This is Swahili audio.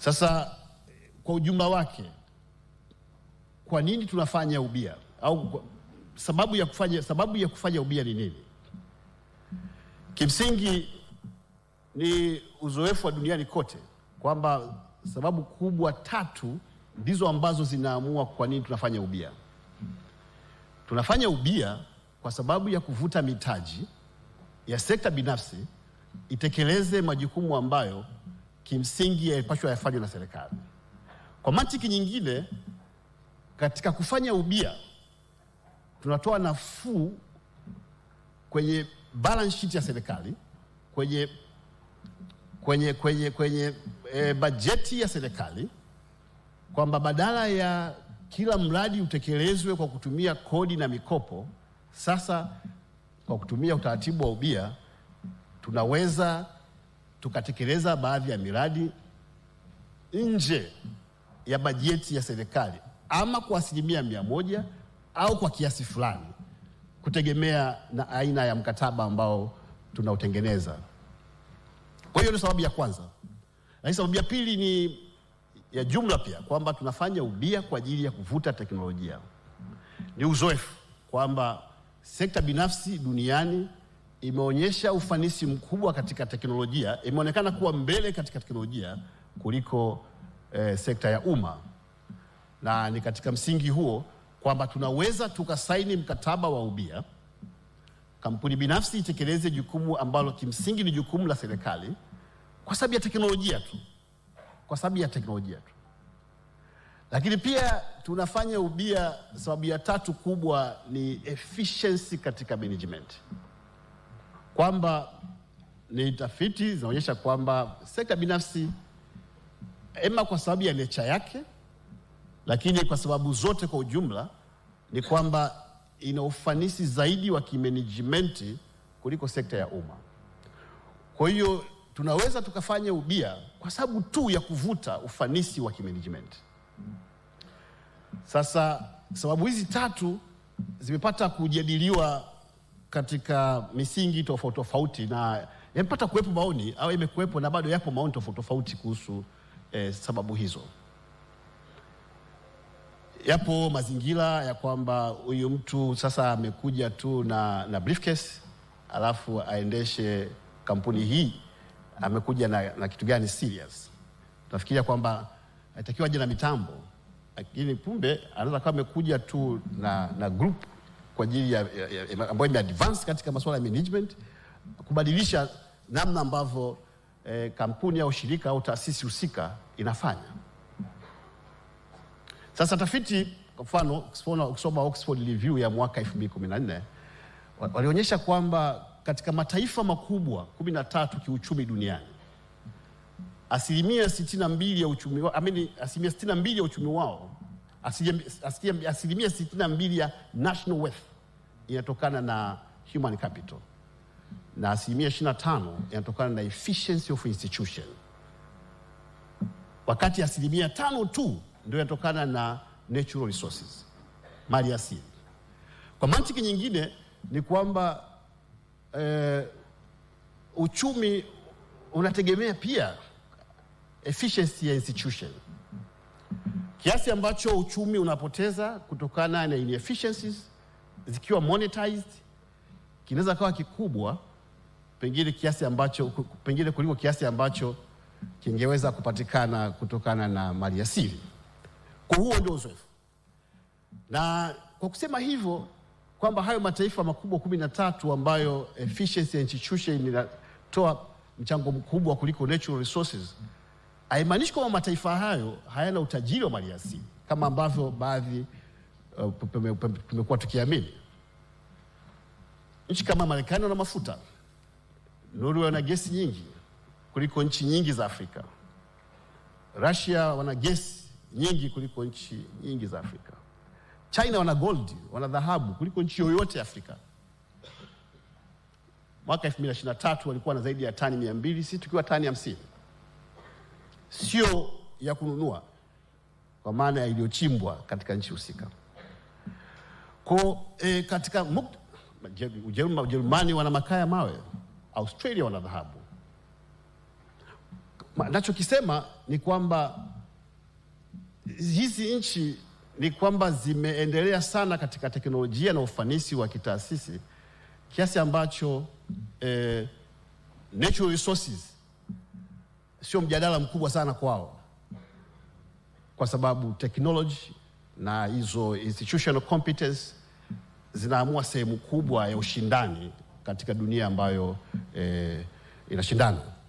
Sasa kwa ujumla wake, kwa nini tunafanya ubia au sababu ya kufanya, sababu ya kufanya ubia ni nini? Kimsingi ni uzoefu wa duniani kote kwamba sababu kubwa tatu ndizo ambazo zinaamua kwa nini tunafanya ubia. Tunafanya ubia kwa sababu ya kuvuta mitaji ya sekta binafsi itekeleze majukumu ambayo kimsingi yalipashwa yafanywe na serikali. Kwa mantiki nyingine, katika kufanya ubia tunatoa nafuu kwenye balance sheet ya serikali kwenye, kwenye, kwenye, kwenye e, bajeti ya serikali kwamba badala ya kila mradi utekelezwe kwa kutumia kodi na mikopo, sasa kwa kutumia utaratibu wa ubia tunaweza tukatekeleza baadhi ya miradi nje ya bajeti ya serikali ama kwa asilimia mia moja au kwa kiasi fulani kutegemea na aina ya mkataba ambao tunautengeneza. Kwa hiyo ni sababu ya kwanza, lakini sababu ya pili ni ya jumla pia kwamba tunafanya ubia kwa ajili ya kuvuta teknolojia. Ni uzoefu kwamba sekta binafsi duniani imeonyesha ufanisi mkubwa katika teknolojia, imeonekana kuwa mbele katika teknolojia kuliko eh, sekta ya umma, na ni katika msingi huo kwamba tunaweza tukasaini mkataba wa ubia, kampuni binafsi itekeleze jukumu ambalo kimsingi ni jukumu la serikali kwa sababu ya teknolojia tu, kwa sababu ya teknolojia tu. Lakini pia tunafanya ubia, sababu ya tatu kubwa ni efficiency katika management kwamba ni tafiti zinaonyesha kwamba sekta binafsi ema kwa sababu ya necha yake, lakini kwa sababu zote kwa ujumla ni kwamba ina ufanisi zaidi wa kimenejimenti kuliko sekta ya umma. Kwa hiyo tunaweza tukafanya ubia kwa sababu tu ya kuvuta ufanisi wa kimenejimenti. Sasa sababu hizi tatu zimepata kujadiliwa katika misingi tofauti tofauti, na yamepata kuwepo maoni au imekuwepo na bado yapo maoni tofauti tofauti kuhusu eh, sababu hizo. Yapo mazingira ya kwamba huyu mtu sasa amekuja tu na, na briefcase alafu aendeshe kampuni hii, amekuja na, na kitu gani serious? Tunafikiria kwamba atakiwa aje na mitambo, lakini kumbe anaweza kama amekuja tu na, na group kwa ajili ya, ya, ya, ambayo imeadvance katika masuala ya management, kubadilisha namna ambavyo eh, kampuni au shirika au taasisi husika inafanya. Sasa tafiti kwa mfano ukisoma Oxford Review ya mwaka 2014 walionyesha kwamba katika mataifa makubwa 13 kiuchumi duniani asilimia 62 ya uchumi wao, asilimia 62 ya uchumi wao, asilimia 62 ya national wealth inatokana na human capital na asilimia 25 inatokana na efficiency of institution, wakati asilimia tano tu ndio inatokana na natural resources, mali asili. Kwa mantiki nyingine ni kwamba eh, uchumi unategemea pia efficiency ya institution, kiasi ambacho uchumi unapoteza kutokana na inefficiencies zikiwa monetized kinaweza kawa kikubwa pengine kiasi ambacho pengine kuliko kiasi ambacho kingeweza kupatikana kutokana na asili. Kwa huo ndio uzoefu, na kwa kusema hivyo kwamba hayo mataifa makubwa kumi na tatu ambayo efficiency ya institution inatoa mchango mkubwa kuliko natural resources haimaanishi kwamba mataifa hayo hayana utajiri wa asili kama ambavyo baadhi uh, tumekuwa tukiamini nchi kama Marekani wana mafuta, Norway wana gesi nyingi kuliko nchi nyingi za Afrika, Russia wana gesi nyingi kuliko nchi nyingi za Afrika, China wana gold, wana dhahabu kuliko nchi yoyote Afrika. Mwaka 2023 walikuwa na zaidi ya tani 200, si tukiwa tani hamsini, sio ya kununua, kwa maana ya iliyochimbwa katika nchi husika. Kwa e, katika Ujerumani wana makaa ya mawe, Australia wana dhahabu. Nachokisema ni kwamba hizi nchi ni kwamba zimeendelea sana katika teknolojia na ufanisi wa kitaasisi kiasi ambacho eh, natural resources sio mjadala mkubwa sana kwao, kwa sababu technology na hizo institutional competence zinaamua sehemu kubwa ya ushindani katika dunia ambayo eh, inashindana.